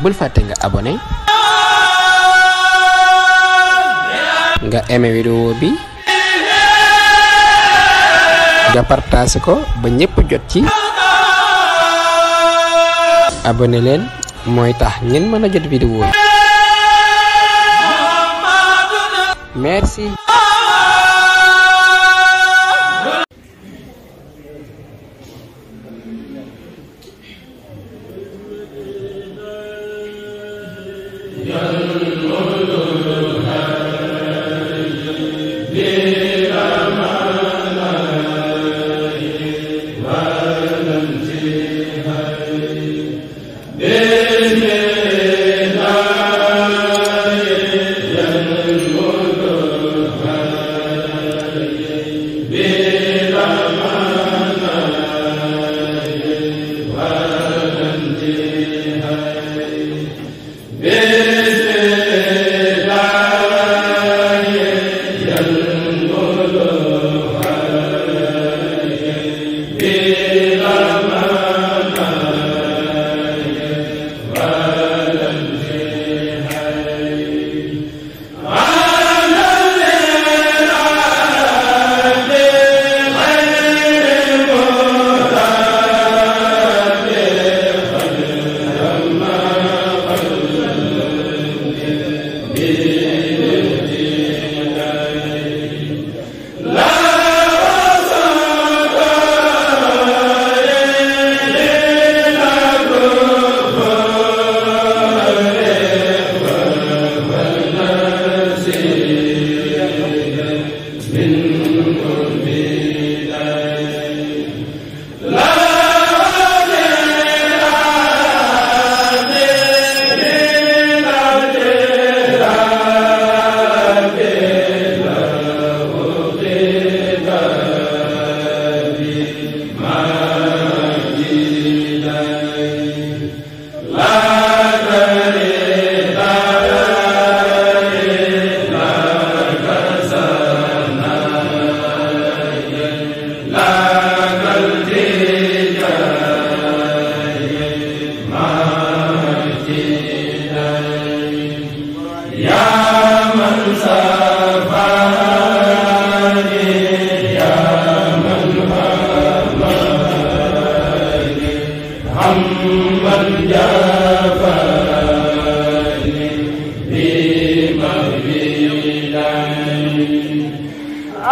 bul fàtte nga abonné nga aimé vidéo bi nga partagé ko ba ñëpp jot ci abonné leen mooy tax ngeen mën jot vidéo merci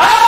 ah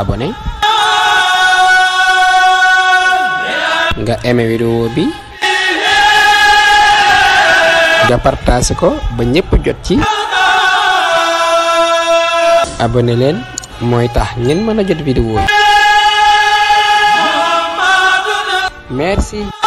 abone, nga aimé vidéo bi nga partager ko ba ñepp jot ci abonné leen mooy tax ngeen mën jot vidéo merci